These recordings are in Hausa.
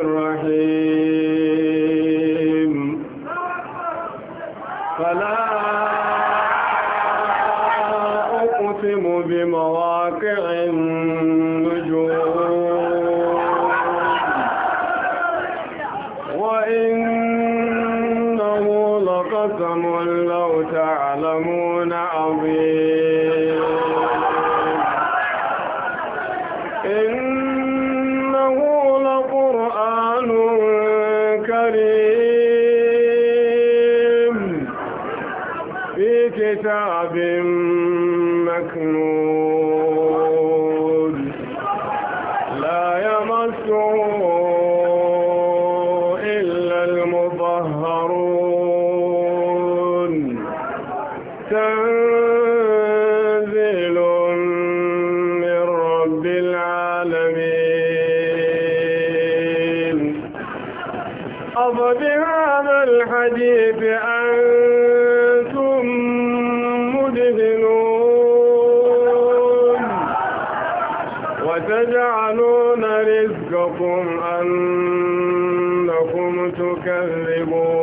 الرحيم أتجعلون رزقكم أنكم تكذبون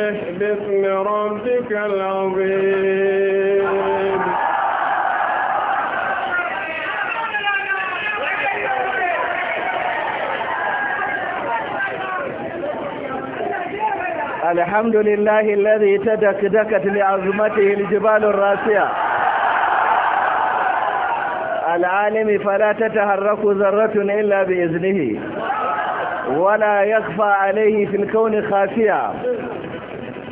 سبح باسم ربك العظيم الحمد لله الذي تدكدكت لعظمته الجبال الراسية العالم فلا تتحرك ذرة إلا بإذنه ولا يخفى عليه في الكون خافية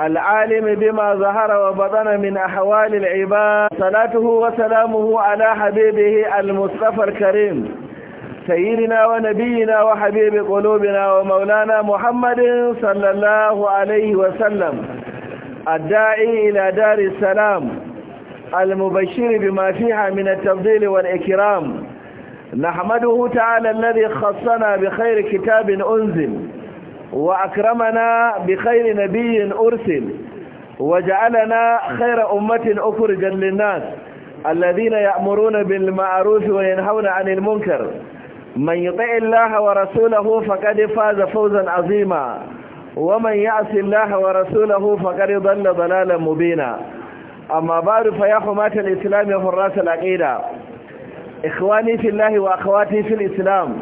العالم بما ظهر وبطن من أحوال العباد صلاته وسلامه على حبيبه المصطفى الكريم سيدنا ونبينا وحبيب قلوبنا ومولانا محمد صلى الله عليه وسلم الداعي إلى دار السلام المبشر بما فيها من التفضيل والإكرام نحمده تعالى الذي خصنا بخير كتاب أنزل وأكرمنا بخير نبي أرسل وجعلنا خير أمة أخرجا للناس الذين يأمرون بالمعروف وينهون عن المنكر من يطع الله ورسوله فقد فاز فوزا عظيما ومن يعص الله ورسوله فقد ضل ضلالا مبينا أما بعد فيا حماة الإسلام وحراس العقيدة إخواني في الله وأخواتي في الإسلام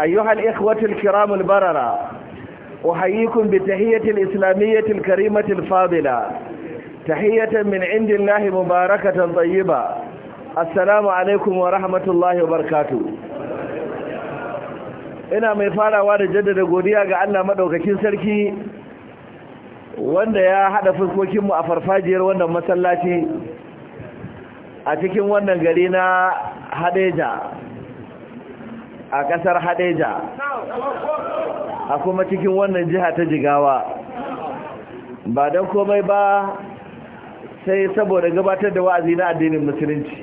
أيها الإخوة الكرام البررة أحييكم بالتحية الإسلامية الكريمة الفاضلة تحية من عند الله مباركة طيبة السلام عليكم ورحمة الله وبركاته ina mai farawa da jaddada godiya ga Allah madaukakin sarki wanda ya hada fuskokinmu a farfajiyar wannan masallaci a cikin wannan gari na Hadeja a kasar Hadeja a kuma cikin wannan jiha ta jigawa ba don komai ba sai saboda gabatar da wa'azi na addinin musulunci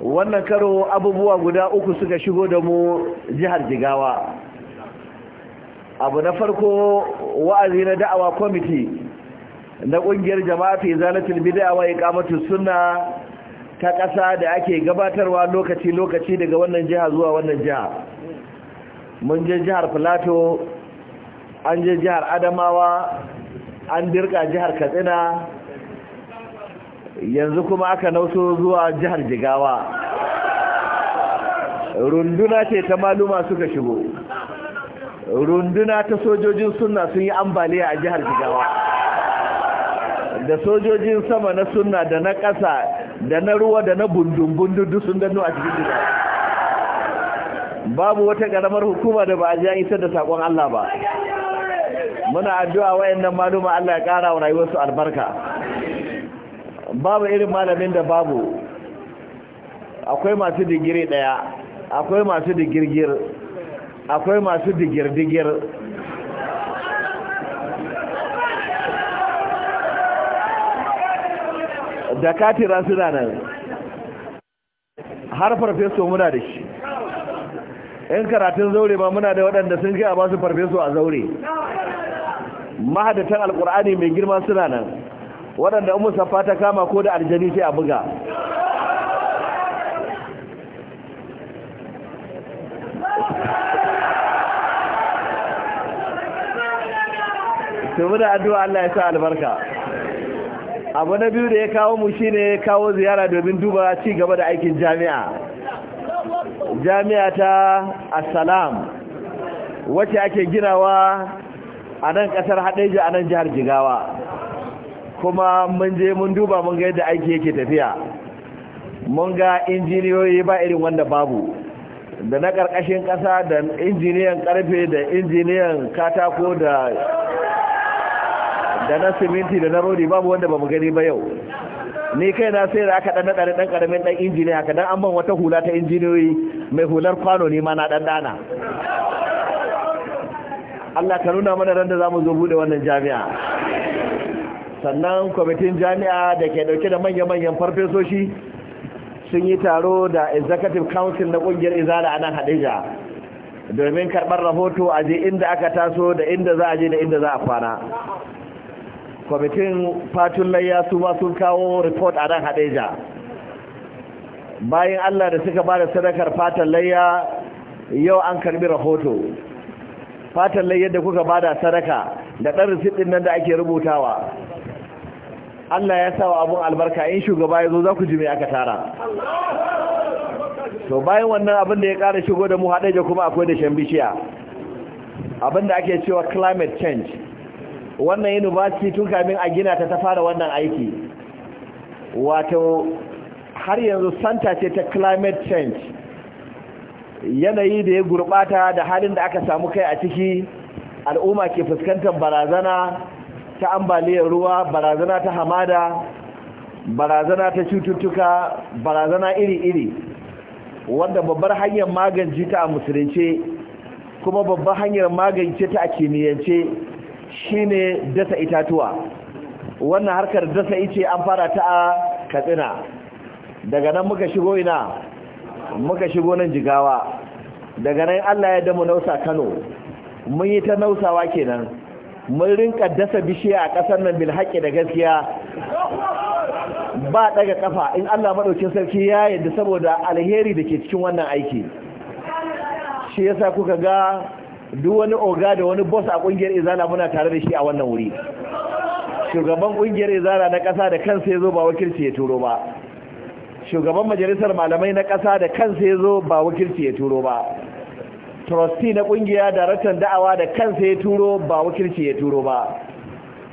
wannan karo abubuwa guda uku suka shigo da mu jihar jigawa abu na farko wa'azi na da'awa kwamiti na ƙungiyar jama'a fi zalatul bid'a wa iqamatu sunna ta kasa da ake gabatarwa lokaci-lokaci daga wannan jiha zuwa wannan jiha mun je jihar plateau an je jihar adamawa an dirka jihar katsina yanzu kuma aka nauso zuwa jihar jigawa runduna ce ta maluma suka shigo runduna ta sojojin suna sun yi ambaliya a jihar jigawa da sojojin sama na suna da na ƙasa da na ruwa da na bundun-bundun sun dannu a cikin jigawa babu wata karamar hukuma da ba a ji an isar da sakon Allah ba muna addu'a wayannan maluma Allah ya kara wa rayuwarsu albarka babu irin malamin da babu akwai masu digiri daya akwai masu digirgir akwai masu digirdigir da katira suna nan har farfeso muna da shi Yan karatun zaure ma muna da waɗanda sun kai a basu farfesu a zaure mahadatan alkur'ani mai girma suna nan waɗanda umar safa ta kama ko da aljani sai a buga tumu da addu'a Allah ya sa albarka abu na biyu da ya kawo mu shine kawo ziyara domin duba ci gaba da aikin jami'a jami'a ta assalam wacce ake ginawa a nan kasar hadeji a nan jihar jigawa kuma mun je mun duba mun ga yadda aiki yake tafiya mun ga injiniyoyi ba irin wanda babu da na ƙarƙashin ƙasa da injiniyan karfe da injiniyan katako da na siminti da na rodi babu wanda ba mu gani ba yau ni kai na sai da aka dan dare dan karamin dan injiniya haka dan an ban wata hula ta injiniyoyi mai hular kwano ne ma na dan dana Allah ka nuna mana randa da zamu zo bude wannan jami'a sannan kwamitin jami'a da ke dauke da manya-manyan farfesoshi sun yi taro da executive council na kungiyar izala a nan hadija domin karɓar rahoto a je inda aka taso da inda za a je da inda za a kwana kwamitin fatun layya su ma sun kawo report a nan hadeja bayan allah da suka ba da sadakar fatan layya yau an karbi rahoto fatan layya da kuka ba da sadaka da ɗan risit nan da ake rubutawa allah ya sa wa abun albarka in shugaba ya zo za ku jimi aka tara to bayan wannan abin da ya kara shigo da mu hadeja kuma akwai da shan bishiya abin da ake cewa climate change wannan university tun kamin a gina ta ta fara wannan aiki wato har yanzu santa ce ta climate change yanayi da ya gurbata da halin da aka samu kai a ciki al'umma ke fuskantar barazana ta ambaliyar ruwa barazana ta hamada barazana ta cututtuka barazana iri-iri wanda babbar hanyar magance ta a musulunce kuma babbar hanyar magance ta a kimiyyance Shi ne dasa itatuwa wannan harkar dasa ice an fara ta a katsina daga nan muka shigo ina muka shigo nan jigawa daga nan Allah ya damu nausa Kano mun yi ta nausawa kenan mun rinka dasa bishiya a ƙasar nan bil haƙƙi da gaskiya ba daga kafa in Allah madaukin sarki ya yadda saboda alheri da ke cikin wannan aiki shi yasa kuka ga duk wani oga da wani boss a kungiyar izala muna tare da shi a wannan wuri shugaban kungiyar izana na kasa da kansa yazo ba wakilci ya turo ba shugaban majalisar malamai na kasa da kansa yazo ba wakilci ya turo ba trustee na kungiya daraktan da'awa da kansa ya turo ba wakilci ya turo ba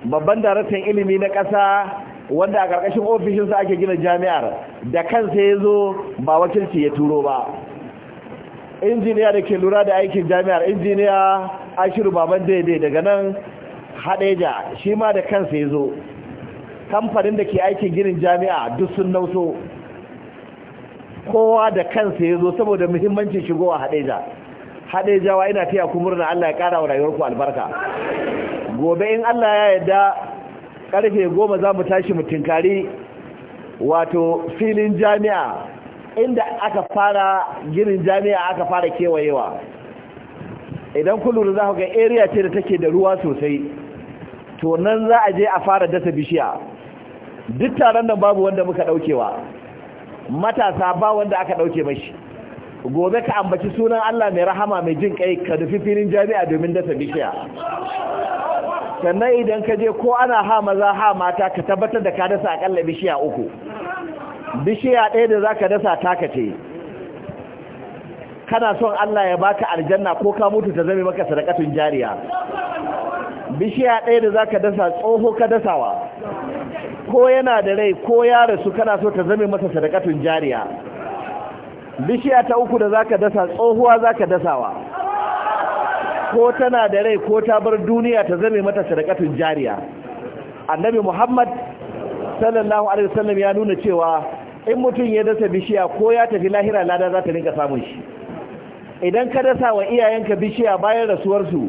babban daraktan ilimi na kasa wanda a karkashin ofishinsa ake gina jami'ar da kansa yazo ba wakilci ya turo ba injiniya da ke lura da aikin jami'ar injiniya ashiru baban daidai daga nan haɗeja. shi ma da kansa ya zo kamfanin da ke aikin ginin jami'a duk sun nauso kowa da kansa ya zo saboda muhimmancin shigowa hadeja wa ina taya ku murna Allah ya ƙara wa rayuwarku albarka gobe in Allah ya yarda karfe goma za mu tashi mu tinkari wato filin jami'a inda aka fara ginin jami'a aka fara kewayewa idan kun lura za ku ga area ce da take da ruwa sosai to nan za a je a fara dasa bishiya duk taron nan babu wanda muka daukewa matasa ba wanda aka dauke mashi gobe ka ambaci sunan Allah mai rahama mai jin kai ka dufi filin jami'a domin dasa bishiya sannan idan ka je ko ana ha maza ha mata ka tabbatar da ka dasa akalla bishiya uku bishiya ɗaya da za ka dasa taka kana son Allah ya baka aljanna ko ka mutu ta zame maka sadakatun jariya bishiya ɗaya da za ka dasa tsoho ka dasawa ko yana da rai ko ya rasu kana so ta zame masa sadakatun jariya bishiya ta uku da za ka dasa tsohuwa za ka dasawa ko tana da rai ko ta bar duniya ta zame mata sadakatun jariya annabi muhammad sallallahu alaihi wasallam ya nuna cewa in mutum ya dasa bishiya ko ya tafi lahira lada za ta rinka samun shi idan ka dasa wa iyayenka bishiya bayan rasuwarsu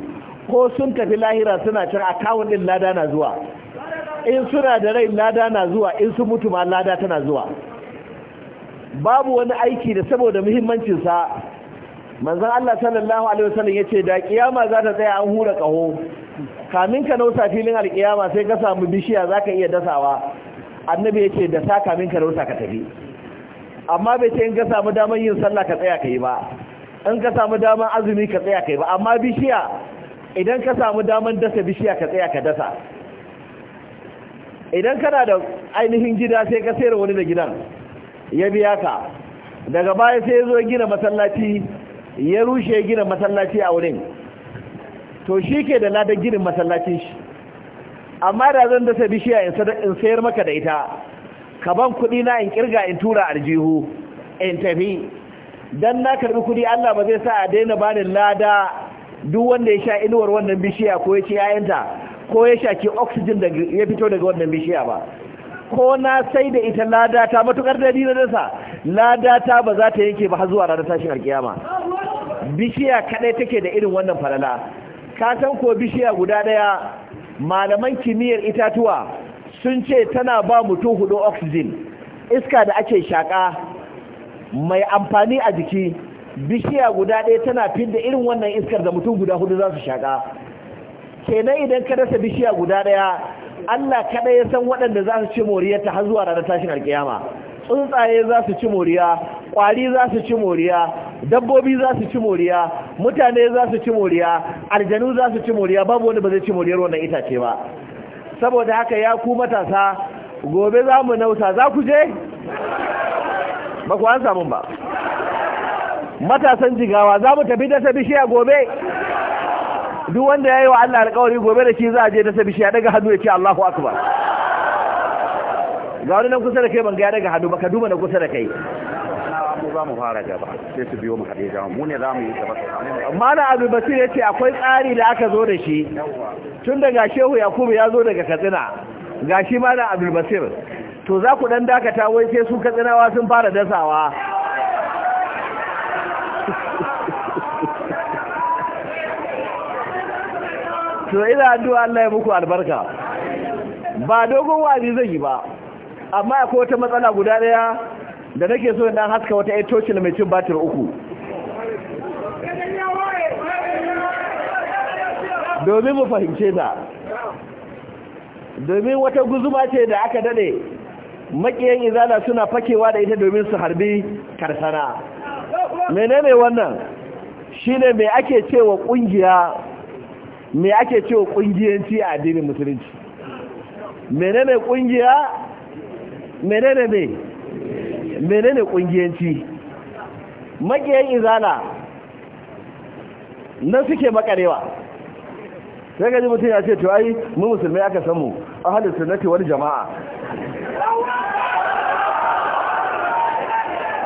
ko sun tafi lahira suna cin akawun din lada na zuwa in suna da rai lada na zuwa in su mutu ma lada tana zuwa babu wani aiki da saboda muhimmancinsa manzan Allah sallallahu Alaihi wasallam ya ce da kiyama za ta tsaya an hura ƙaho kamin ka nausa filin alkiyama sai ka samu bishiya za ka iya dasawa annabi yake ce da saka min ka rusa ka tafi amma bai ce in ka samu daman yin sallah ka tsaya ka yi ba in ka samu daman azumi ka tsaya ka yi ba amma bishiya idan ka samu daman dasa bishiya ka tsaya ka dasa idan kana da ainihin gida sai ka sayar wani da gidan ya biya ka daga baya sai ya zo gina masallaci ya rushe gina masallaci a wurin to shi ke da ladan ginin masallacin shi amma da zan dasa bishiya in sayar maka da ita ka ban kuɗi na in kirga in tura aljihu in tafi dan na karbi kuɗi Allah ba zai sa a daina bani lada duk wanda ya sha inuwar wannan bishiya ko ya ci yayanta ko ya shaki oxygen da ya fito daga wannan bishiya ba ko na sai da ita lada ta matukar da dina dasa lada ta ba za ta yanke ba har zuwa ranar tashin alkiyama bishiya kadai take da irin wannan falala ka san ko bishiya guda daya malaman kimiyyar itatuwa sun ce tana ba mutum hudu oxygen iska da ake shaƙa mai amfani a jiki bishiya guda ɗaya tana fidda irin wannan iskar da mutum guda hudu za su shaƙa kenan idan ka rasa bishiya guda ɗaya Allah kaɗai ya san waɗanda za su ce moriyarta har zuwa ranar tashin alkiyama tsuntsaye za su ci moriya kwari za su ci moriya dabbobi za su ci moriya mutane za su ci moriya aljanu za su ci moriya babu wani ba zai ci moriyar wannan itace ba saboda haka ya ku matasa gobe za mu nausa za ku je ba ku an samun ba matasan jigawa za mu tafi dasa bishiya gobe duk wanda ya yi wa Allah alkawari gobe da shi za a je dasa bishiya daga hannu ya ce Allahu akbar ga wani nan kusa da kai ban ga ya daga hadu baka duba na kusa da kai mu za mu fara gaba sai su biyo mu mu ne za mu yi gaba mana abu basir ya ce akwai tsari da aka zo da shi tun daga shehu yakubu ya zo daga katsina ga shi mana abu basir to za ku dan dakata wai sai su katsinawa sun fara dasawa to ila addu'a Allah ya muku albarka ba dogon wazi zai yi ba amma akwai wata matsala guda daya da nake so dan haska wata ai tocil mai cin batir uku domin mu fahimce ta domin wata guzuma ce da aka dade makiyan izala suna fakewa da ita domin su harbi karsana menene wannan shine mai ake cewa kungiya me ake cewa kungiyanci a addinin musulunci menene kungiya menene ne menene kungiyanci makiyan izala na suke makarewa sai gaji mutum ya ce to ai mu musulmai aka san mu ahlus sunnati wal jamaa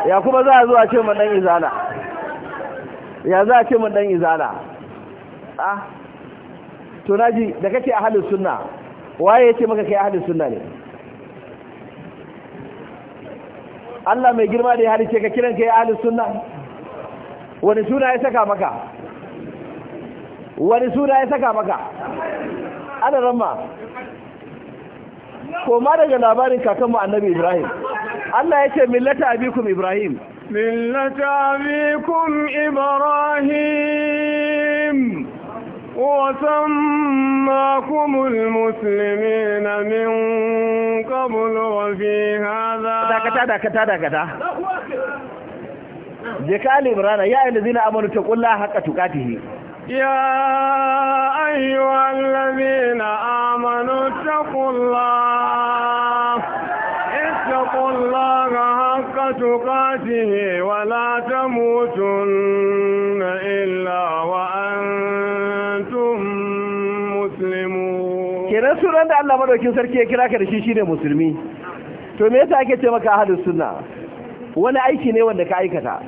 ya kuma za a zo a ce mun dan izala ya za a ce mun dan izala ah to naji da kake ahlus sunna waye ya ce maka kai ahlus sunna ne Allah mai girma da ya halice ka kiran ka ya ahli sunna wani suna ya saka maka wani suna ya saka maka ana ramma koma daga labarin kakanmu annabi Ibrahim Allah ya ce millata abikum Ibrahim millata abikum Ibrahim وسماكم المسلمين من قبل وفي هذا دكتا دكتا دكتا جكا لبرانا يا الذين أمنوا تقول الله حق تقاته يا أيها الذين آمنوا اتقوا الله اتقوا الله حق تقاته ولا تموتن sunan da Allah madaukin sarki ya kira ka da shi shine musulmi to me yasa ake ce maka ahlus sunna wani aiki ne wanda ka aikata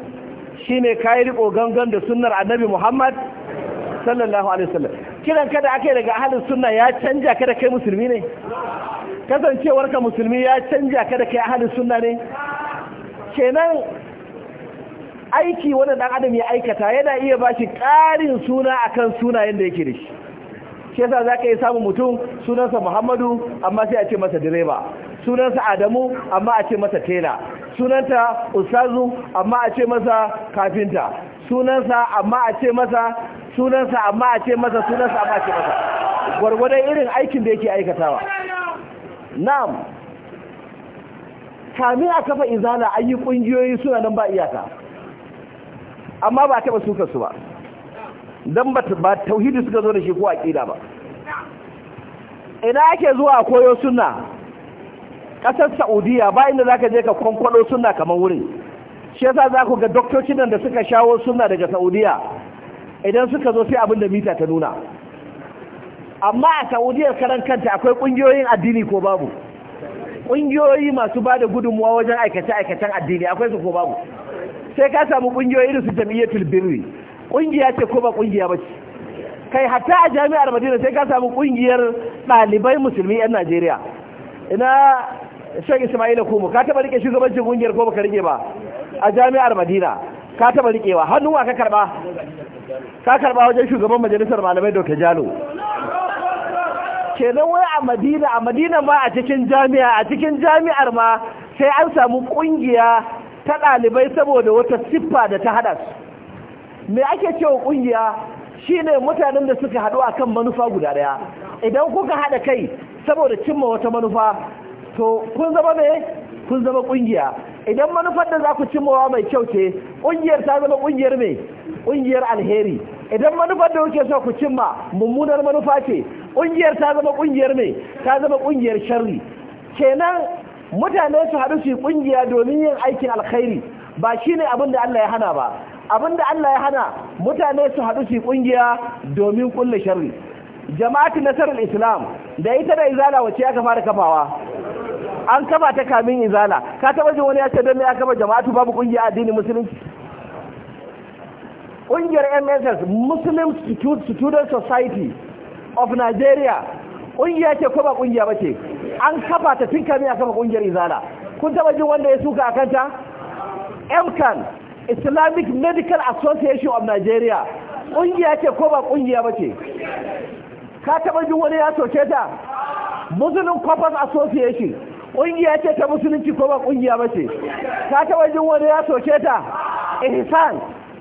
shine kai riko gangan da sunnar annabi Muhammad sallallahu alaihi wasallam kiran ka da ake daga ahlus sunna ya canja ka da kai musulmi ne kasancewar ka musulmi ya canja ka da kai ahlus sunna ne kenan aiki wanda dan adam ya aikata yana iya bashi ƙarin suna akan sunayen da yake da shi shi za ka yi samun mutum sunansa muhammadu amma sai a ce masa direba sunansa adamu amma a ce masa tela sunanta ustazu amma a ce masa kafinta sunansa amma a ce masa sunansa amma a ce masa sunansa amma a ce masa gwargwadon irin aikin da yake aikatawa na'am kamin a kafa izala an yi kungiyoyi suna nan ba iyaka amma ba taɓa suka su ba don ba tauhidi suka zo da shi ko aƙida ba ina ake zuwa koyo suna ƙasar saudiya ba inda za ka je ka kwankwado suna kamar wurin shi yasa za ku ga doktocin nan da suka shawo suna daga saudiya idan suka zo sai abin da mita ta nuna amma a saudiyar karan kanta akwai ƙungiyoyin addini ko babu ƙungiyoyi masu ba da gudunmuwa wajen aikace-aikacen addini akwai su ko babu sai ka samu ƙungiyoyi da su jam'iyyatul birri ƙungiya ce ko ba ƙungiya ba ce kai hatta a jami'ar madina sai ka samu ƙungiyar ɗalibai musulmi 'yan najeriya ina shan ismaila kuma ka taɓa rike shugabancin ƙungiyar ko baka rike ba a jami'ar madina ka taɓa rikewa hannuwa ka karɓa ka karɓa wajen shugaban majalisar malamai doka jalo kenan wai a madina a madina ma a cikin jami'a a cikin jami'ar ma sai an samu ƙungiya ta ɗalibai saboda wata siffa da ta haɗa su me ake cewa kungiya shine mutanen da suka haɗu akan manufa guda ɗaya idan kuka haɗa kai saboda cimma wata manufa to kun zama me kun zama kungiya idan manufar da za ku cimmawa mai kyau ce kungiyar ta zama kungiyar me kungiyar alheri idan manufar da kuke so ku cimma mummunar manufa ce kungiyar ta zama kungiyar me ta zama kungiyar sharri kenan mutane su haɗu su kungiya domin yin aikin alkhairi ba shine abin da Allah ya hana ba abinda Allah ya hana mutane su haɗu su ƙungiya domin kulle sharri jama'atu nasarar islam da ita da izala wacce ya fara kafawa an kafa ta kamin izala ka taba jin wani ya ce don ya kafa jama'atu babu ƙungiya addini musulunci Ƙungiyar mss muslim student society of nigeria ƙungiya ce ko ba ƙungiya ba ce an kafa ta tun kamin ya kafa ƙungiyar izala kun taba jin wanda ya suka akanta mcan islamic medical association of nigeria ƙungiya ce ko ba ƙungiya ba ce ka taɓa jin wani ya soke ta muslim corpus association ƙungiya ce ta musulunci ko ba ƙungiya ba ce ka taɓa jin wani ya soke ta ihsan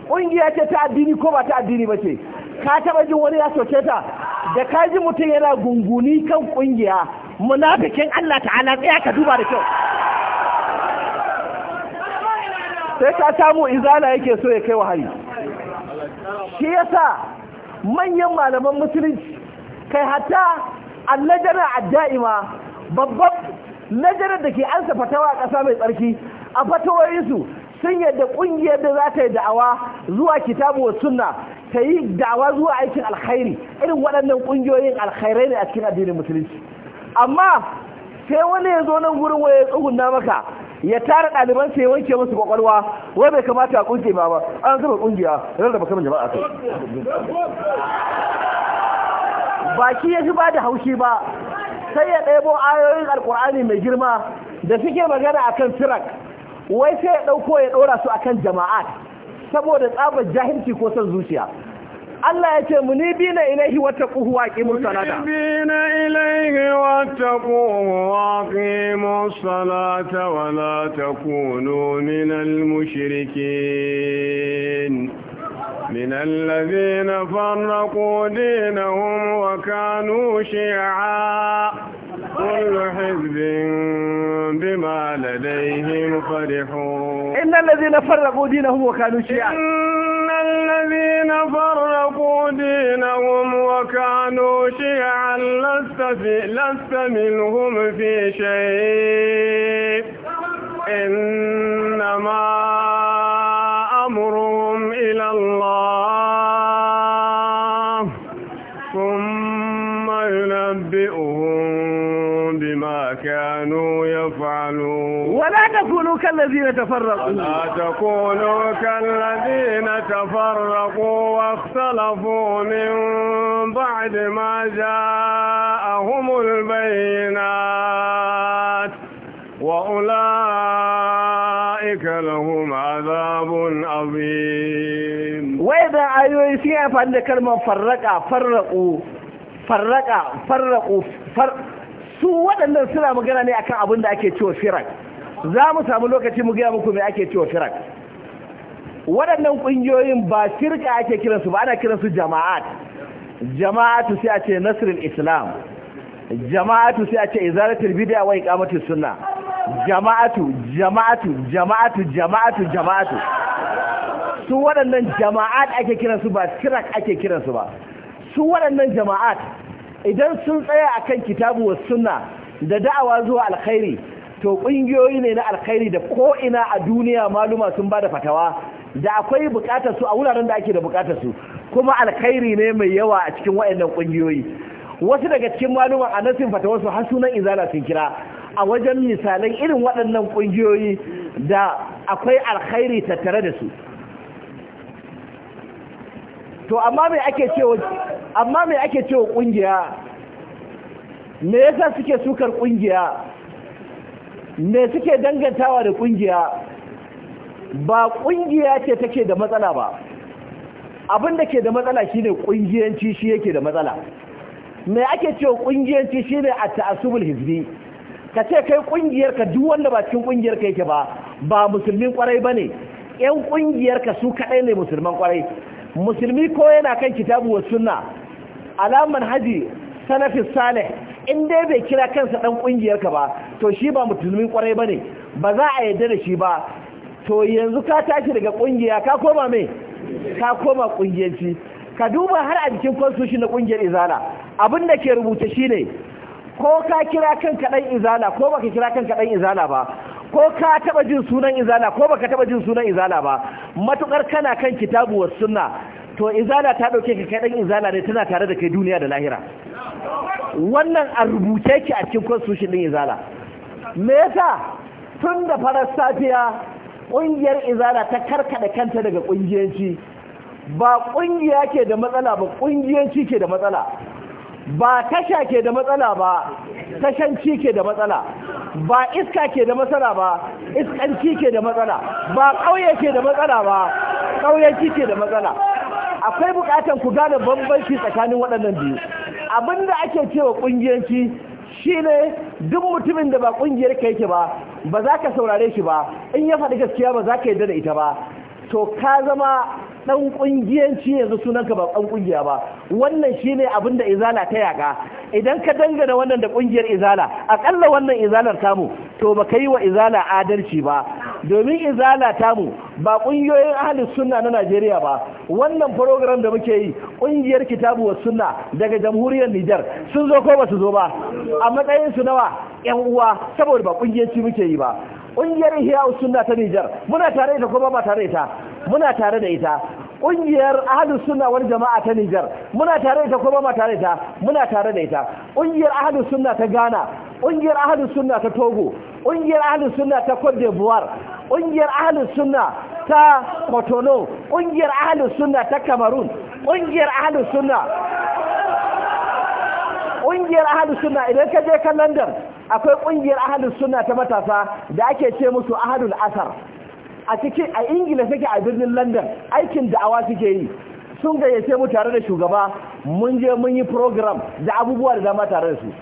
ƙungiya ce ta addini ko ba ta addini ba ce ka taɓa jin wani ya soke ta da ka ji mutum yana gunguni kan ƙungiya munafikin allah ta'ala tsaya ka duba da kyau sai ka samu izala yake so ya kai wahayi shi yasa manyan malaman musulunci kai hatta a da'ima babban lajanar da ke ansa fatawa a ƙasa mai tsarki a fatawoyinsu sun yadda ƙungiyar da za ta yi da'awa zuwa kitabu wa sunna ta yi da'awa zuwa aikin alkhairi irin waɗannan ƙungiyoyin alkhairai ne a cikin addinin musulunci amma sai wani ya zo nan gurin waye tsohon maka ya tara ɗaliban sai wanke musu ƙwaƙwalwa, wai bai kamata a kunce ba ba an zuba kungiya rarraba kan jama'a kai baki ya zuba ba da haushi ba sai ya ɗebo ayoyin alkur'ani mai girma da suke magana akan sirak wai sai ya ɗauko ya ɗora su akan jama'a saboda tsabar jahilci ko son zuciya Allah ya ce mu ni bi na ilaihi wata kuhu wa ƙimun salata. Mu bi na ilaihi wata kuhu wa ƙimun salata wa la ta kuno minal mushrikin. من الذين فرقوا دينهم وكانوا شيعا كل حزب بما لديهم فرحون إن الذين فرقوا دينهم وكانوا شيعا الذين فرقوا دينهم وكانوا شيعا لست, لست منهم في شيء إنما أمرهم إلى الله ثم ينبئهم بما كانوا يفعلون ولا تكونوا كالذين تفرقوا ولا تكونوا كالذين تفرقوا واختلفوا من بعد ما جاءهم البينات وأولئك لهم عذاب عظيم وإذا أيوه فيها فأنت كلمة فرقا فرقوا فرقا فرقوا فرق سوى أن السلام قال ne أكا abin أكي ake cewa za mu samu lokaci mu gaya muku mai ake cewa firak waɗannan ƙungiyoyin ba shirka ake kiransu ba ana kiransu jama'at jama'atu sai a ce nasirin islam jama'atu sai a ce izaratul bid'a wa Kamatu sunna jama'atu jama'atu jama'atu jama'atu jama'atu su waɗannan jama'at ake kiransu ba shirak ake kiransu ba su waɗannan jama'at idan sun tsaya akan kitabu wa sunna da da'awa zuwa alkhairi to ƙungiyoyi ne na alkhairi da ko ina a duniya maluma sun ba da fatawa da akwai bukatar su a wuraren da ake da bukatar su kuma alkhairi ne mai yawa a cikin waɗannan ƙungiyoyi wasu daga cikin maluman a nasin su har sunan izala sun kira a wajen misalan irin waɗannan ƙungiyoyi da akwai alkhairi tattare da su to amma me ake cewa amma me ake cewa ƙungiya me yasa suke sukar ƙungiya me suke dangantawa da kungiya ba kungiya ce take da matsala ba abin da ke da matsala shine kungiyanci shi yake da matsala me ake cewa kungiyanci shine a ta'asubul hizbi ka ce kai kungiyar ka duk wanda ba cikin kungiyar ka yake ba ba musulmin kwarai bane yan kungiyar ka su kaɗai ne musulman kwarai musulmi ko yana kan kitabu wa sunna alaman haji Sanafis salih in dai bai kira kansa dan kungiyarka ba to shi ba mutumin kwarai bane ba za a yarda da shi ba to yanzu ka tashi daga kungiya ka koma me ka koma kungiyanci ka duba har a jikin constitution na kungiyar izala abin da ke rubuta shine ko ka kira kanka dan izala ko baka kira kanka dan izala ba ko ka taba jin sunan izala ko baka taba jin sunan izala ba matukar kana kan kitabu was sunna to izala ta dauke ka kai dan izala ne tana tare da kai duniya da lahira wannan a rubuce ki a cikin constitution din izala me yasa tun da farar safiya kungiyar izala ta karkada kanta daga kungiyanci ba kungiya ke da matsala ba kungiyanci ke da matsala ba tasha ke da matsala ba tashanci ke da matsala ba iska ke da matsala ba iskanci ke da matsala ba ƙauye ke da matsala ba kauyanci ke da matsala akwai bukatar ku gane bambanci tsakanin waɗannan biyu Abin da ake cewa ƙungiyanci shine duk mutumin da ba ƙungiyar ka yake ba ba za ka saurare shi ba in ya faɗi gaskiya ba za ka yarda da ita ba to ka zama ɗan ƙungiyanci yanzu sunanka ba ɗan ƙungiya ba wannan shine abin da izala ta yaƙa idan ka dangana wannan da ƙungiyar izala akalla wannan izalar tamu to ba ka yi wa izala adalci ba domin izala tamu ba ƙungiyoyin ahalin sunna na Najeriya ba wannan program da muke yi ƙungiyar kitabu wa sunna daga jamhuriyar Nijar sun zo ko ba su zo ba a matsayin su nawa 'yan uwa saboda ba ci muke yi ba ƙungiyar ihya suna ta Nijar muna tare da kuma ba tare ta muna tare da ita ƙungiyar ahlus suna wani jama'a ta Nijar muna tare da kuma ba tare ta muna tare da ita ƙungiyar ahlus suna ta Ghana ƙungiyar ahlus suna ta Togo ƙungiyar ahlus suna ta Cote d'Ivoire ƙungiyar ahlus suna ta Cotonou ƙungiyar ahlus suna ta Cameroon ƙungiyar ahlus suna ƙungiyar ahlus sunna idan ka je kan London akwai ƙungiyar ahalin Suna ta matasa da ake ce musu ahadul asar a cikin a ingila take a birnin london aikin da awa suke yi sun gayyace mu tare da shugaba mun je mun yi program da abubuwa da dama tare da su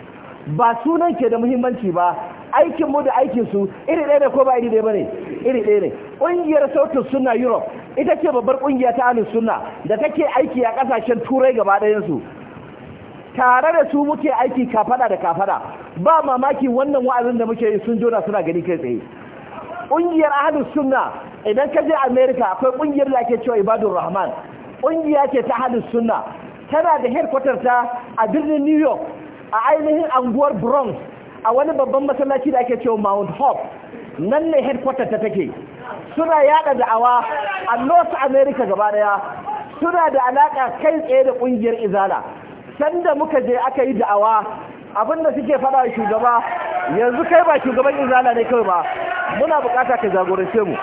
ba sunan ke da muhimmanci ba aikin mu da aikin su iri ɗaya ne ko ba iri ɗaya bane iri ɗaya ne ƙungiyar sautin sunna europe ita ce babbar ƙungiya ta ahlus sunna da take aiki a ƙasashen turai gaba ɗayan su tare da su muke aiki kafada da kafada ba mamaki wannan wa'azin da muke yi sun jona suna gani kai tsaye ƙungiyar ahadus suna idan ka je Amerika akwai ƙungiyar da ake cewa ibadun rahman ƙungiya ce ta ahadus suna tana da headquarter ta a birnin new york a ainihin anguwar bronx a wani babban masallaci da ake cewa mount hope nan ne headquarter ta take suna yada da'awa a north america gaba daya suna da alaka kai tsaye da ƙungiyar izala sanda muka je aka yi da'awa abinda suke faɗa shugaba yanzu kai ba shugaban izala ne kawai ba muna bukata ka jagorance mu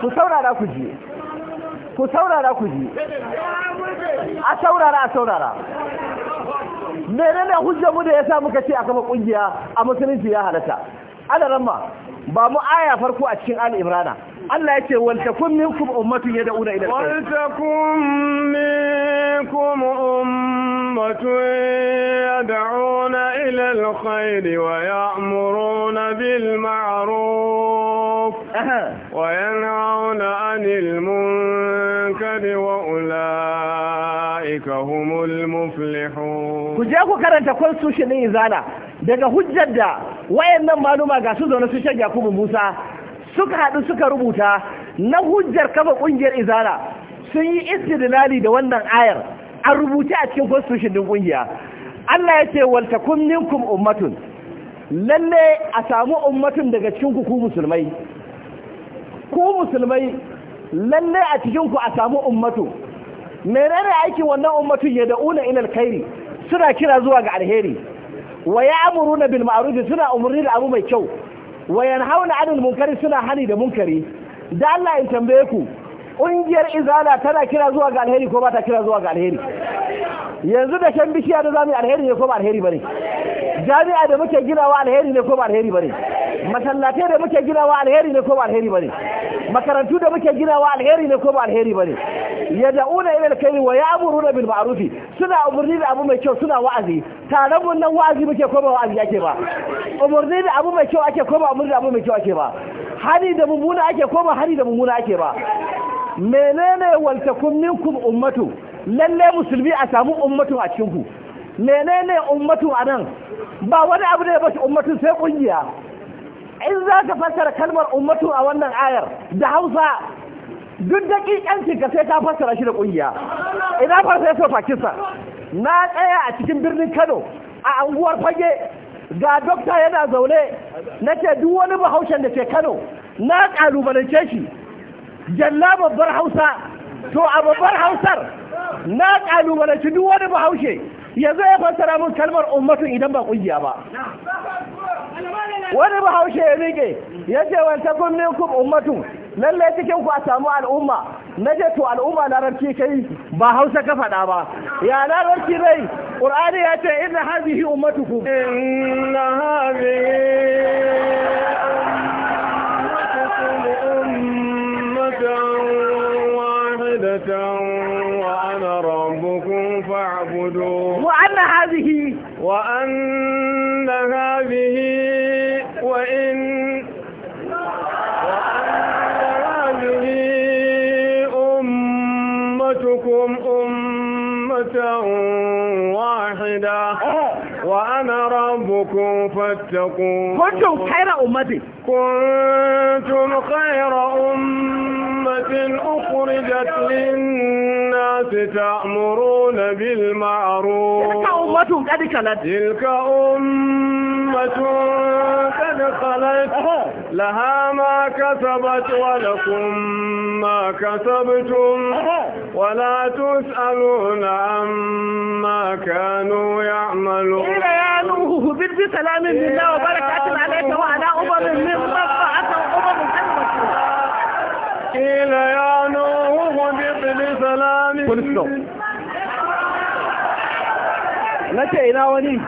ku saurara ku ji ku saurara ku ji a saurara a saurara menene hujjar mu da yasa muka ce a kafa kungiya a musulunci ya halatta adaran ma ba mu aya farko a cikin al-imrana Allah ya ce wal takum minkum ummatun yad'una ila al-khair wal takum minkum ummatun أمة يدعون إلى الخير ويأمرون بالمعروف وينهون عن المنكر وأولئك هم المفلحون كجاكو كرنت كل سوشي نيزانا daga hujjar da wayannan maluma ga su zaune su shagya kuma Musa suka haɗu suka rubuta na hujjar kafa ƙungiyar izala sun yi istidlali da wannan ayar An rubuce a cikin constitution din kungiya Allah ya ce wal takum minkum ummatun lalle a samu ummatun daga cikin ku musulmai ku musulmai lalle a cikin ku a samu ummatu menene aikin wannan ummatun ya da'una ila alkhairi suna kira zuwa ga alheri wa ya'muruna bil ma'ruf suna umurni da abu mai kyau wa yanhauna 'anil munkari suna hani da munkari da Allah in tambaye ku ƙungiyar izala tana kira zuwa ga alheri ko ba ta kira zuwa ga alheri yanzu da shan bishiya da zamu alheri ne ko ba alheri bane jami'a da muke ginawa alheri ne ko ba alheri bane masallatai da muke ginawa alheri ne ko ba alheri bane makarantu da muke ginawa alheri ne ko ba alheri bane una ila alkhairi wa ya'muruna bil ma'ruf suna umurni da abu mai kyau suna wa'azi tare mun nan wa'azi muke ko ba wa'azi ake ba umurni da abu mai kyau ake ko ba umurni da abu mai kyau ake ba hari da mummuna ake ko ba hari da mummuna ake ba menene waltakun minkum ummatu lalle musulmi a samu ummatu a cikin ku menene ummatu a nan ba wani abu ne ba bashi ummatu sai kungiya in za ka fassara kalmar ummatu a wannan ayar da hausa duk da ƙiƙancin ka sai ka fassara shi da kungiya ina farfesa ya pakistan na tsaya a cikin birnin kano a anguwar fage ga dokta yana zaune na ce duk wani bahaushen da ke kano na kalubalance shi jalla babbar hausa to a babbar hausar na kalubalanci duk wani bahaushe ya zo ya fassara mun kalmar ummatu idan ba kungiya ba wani bahaushe ya rike ya ce wanta kun minkum ummatun lalle cikin ku a samu al'umma na je to al'umma larabci kai ba hausa ka faɗa ba ya larabci rai qur'ani ya ce inna hadhihi ummatukum inna hadhihi هذه وأن هذه وإن وأن هذه أمتكم أمة واحدة أه. وأنا ربكم فاتقون كنتم خير أمتي كنتم خير أمتي آية أخرجت للناس تأمرون بالمعروف تلك أمة قد خلت تلك أمة قد خلت لها ما كسبت ولكم ما كسبتم ولا تسألون عما كانوا يعملون قيل إيه يا نوح اهبط بسلام الله وبركات عليك وعلى أمم من إيه قبل قيل يا نوح اهبط بسلام nace ina wani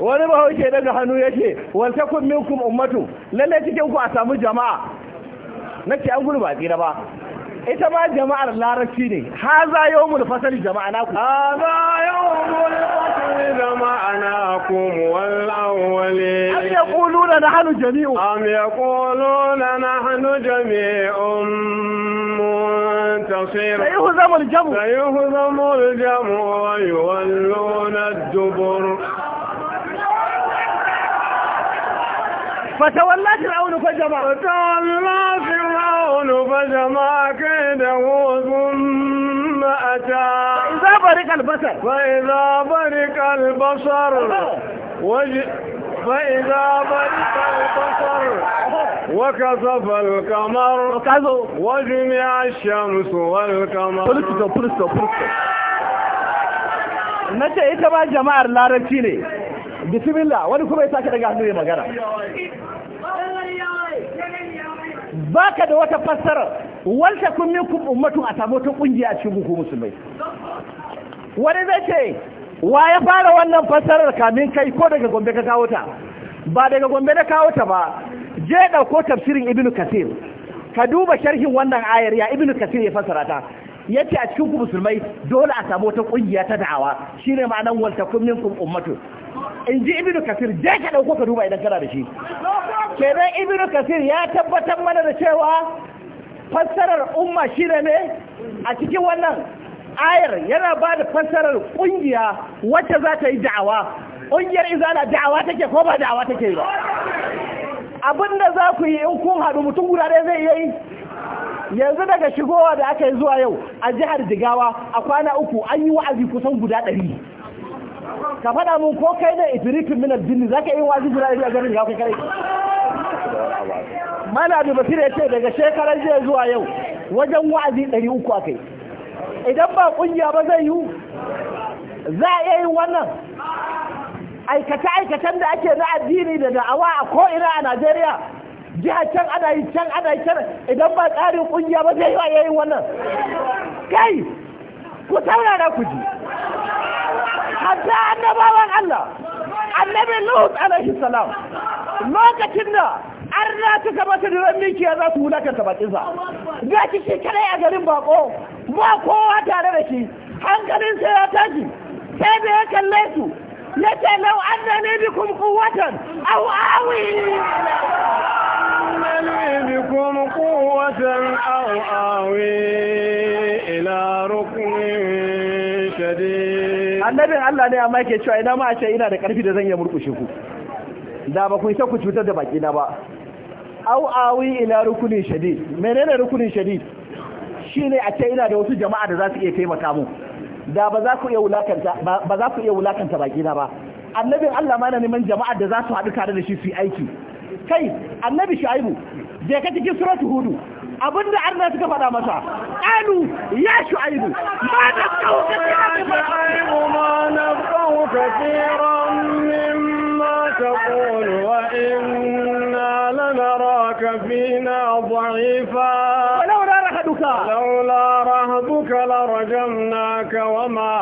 wani ba hauke daga hannu yake walta kun minkum ummatu lalle cikin ku a samu jama'a nake an gudu ba tsira ba ita ma jama'ar larabci ne haza yawmul fasali jama'ana ku haza yawmul fasali jama'ana ku wal awwali am yaquluna nahnu jami'un am yaquluna nahnu jami'un muntasir zamul jamu منتصر zamul jamu wa yuwalluna ad-dubur فتولى فرعون فجمع فتولى فرعون فجمع كيده ثم أتى فإذا برق البصر فإذا برق البصر وج... فإذا برق البصر وكسف القمر وجمع الشمس والقمر بلستو بلستو بلستو nace إيه ba جماعة larabci ne bismillah wani kuma ya sake daga hannu ya baka da wata fassara wal takun minkum ummatun a samu wata kungiya a cikin ku musulmai wani zai ce wa ya fara wannan fassarar kamin kai ko daga gombe ka kawo ta ba daga gombe na kawo ta ba je ɗauko tafsirin ibnu kasir ka duba sharhin wannan ayar ya ibnu kasir ya fassara ta yace a cikin ku musulmai dole a samu wata kungiya ta da'awa shine ma'anan wal takum minkum ummatu in ji ibnu kasir je ka dauko ka duba idan kana da shi kenan ibnu kasir ya tabbatar mana da cewa fassarar umma shine ne a cikin wannan ayar yana ba da fassarar kungiya wacce za ta yi da'awa kungiyar na da'awa take ko ba da'awa take ba da za ku yi in kun haɗu mutum guda ɗaya zai yi yanzu daga shigowa da aka yi zuwa yau a jihar jigawa a kwana uku an yi wa'azi kusan guda ɗari ka faɗa mun ko kai da ifiritin minar jini za ka yi wa'azi guda ɗari a garin jigawa kai kai ba malami basir ya ce daga shekarar jiya zuwa yau wajen wa'azi ɗari uku a kai idan ba ƙungiya ba zai yi za a iya yin wannan aikace-aikacen da ake na addini da da'awa a ko'ina a najeriya jihar can ana yi can ana yi can idan ba tsarin ƙungiya ba zai yi a yayin wannan kai ku na ku ji hatta annabawan allah annabi lut alaihi salam lokacin da an ratuka mata da mikiya za su wulakanta bakinsa ga ki shi kadai a garin bako ba kowa tare da shi sai ya tashi sai da ya kalle su ya ce lau an na ne bikum kuwatan au awi بكم قوة أو آوي annabin Allah ne amma yake cewa ina ma a ce ina da karfi da zan iya murkushe ku da ba ku sa ku cutar da baki na ba au awi ila rukunin shadid menene rukunin shadid shine a ce ina da wasu jama'a da za su iya taimaka mu da ba za ku iya wulakanta ba za ku iya wulakanta baki na ba Annabi Allah ma na neman jama'a da za su haɗu tare da shi su yi aiki kai annabi shu'aibu je ka cikin suratu hudu abinda Allah suka faɗa masa Alu ya shu'aibu ma nafqahu kathiran ma nafqahu kathiran تقول وإنا لنراك فينا ضعيفا ولولا رهبك لولا رهبك لرجمناك وما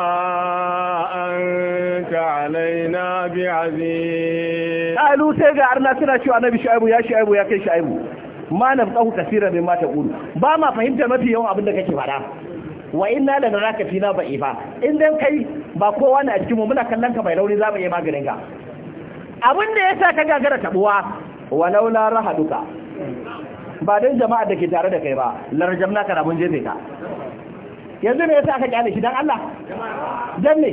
أنت علينا بعزيز قالوا سيجا أرنا سنة شو النبي شعيب يا شعيب يا كي شعيب ما نفقه كثيرا مما تقول باما فهمت ما في يوم أبنك كيف هذا wa inna la naraka fina ba'ifa in dan kai ba kowa ne a cikin mu muna kallon ka bai rauni za mu yi maganin ka abin da ya sa ka gagara tabuwa walau la rahaduka ba don jama'a da ke tare da kai ba larjam naka rabun jefe ka yanzu ne ya sa aka kyale shi don Allah don ne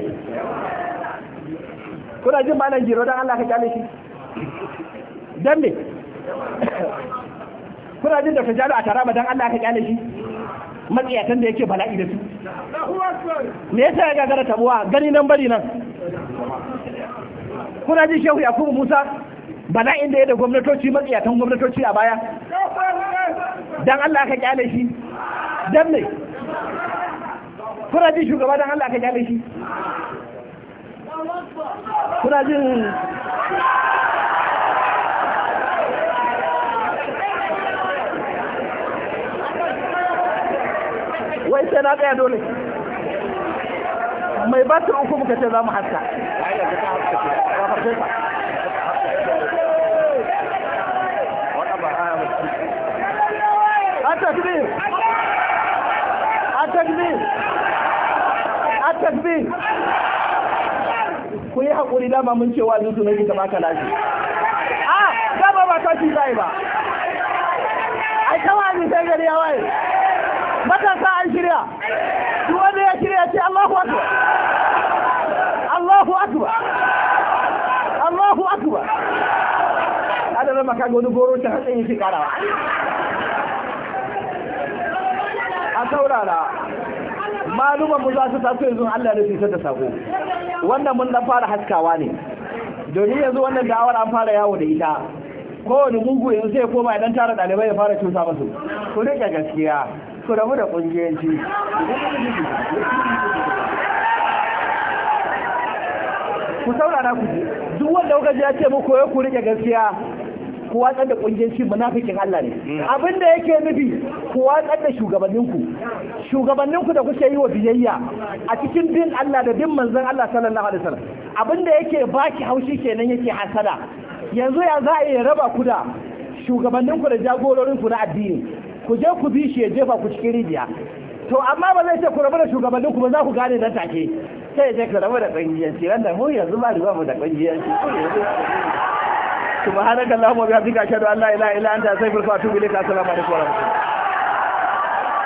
kuna jin malam jiro don Allah ka kyale shi don ne kuna jin da ta jalo a tara ba don Allah ka kyale shi matsiyatan da yake bala'i da su me yasa ya gagara tabuwa gani nan bari nan kuna ji shehu ya kuma musa bala'in da ya da gwamnatoci matsiyatan gwamnatoci a baya don Allah ka kyale shi don ne kuna ji shugaba don Allah ka kyale shi kuna ji wai sai na tsaya dole mai ba batir uku muka ce za mu haska ƙarshen sa التكبير التكبير التكبير ku yi haƙuri dama mun cewa zuzu na gita baka lafi a dama ba ta ci zai ba a kama ni sai gari ya waye matasa an shirya duk wanda ya shirya ce Allah akbar kaga wani goro ta hatsin fi karawa a saurara maluman mu za su taso yanzu Allah ya fitar da sako wannan mun dan fara haskawa ne domin yanzu wannan da'awar an fara yawo da ita kowane mugu yanzu sai koma idan tara ɗalibai ya fara cusa masu ku rike gaskiya ku rabu da ƙungiyanci ku saurara ku duk wanda kuka ji ya ce muku ya ku rike gaskiya ku watsar da shi munafikin Allah ne Abinda yake nufi ku watsar da shugabanninku shugabanninku da kuke yi wa biyayya a cikin bin Allah da bin manzon Allah sallallahu alaihi wasallam abinda da yake baki haushi kenan yake hasada yanzu ya za a yi raba ku da shugabanninku da jagororinku na addini ku je ku bi shi ya jefa ku cikin rijiya to amma ba zai ce ku rabu da shugabanninku ba za ku gane nan take sai ya ce ku rabu da kungiyanci wanda mu yanzu ba ruwa mu da shi subhanaka allahumma wa bihamdika ashhadu an la ilaha illa anta astaghfiruka wa atubu ilaik assalamu alaykum wa rahmatullahi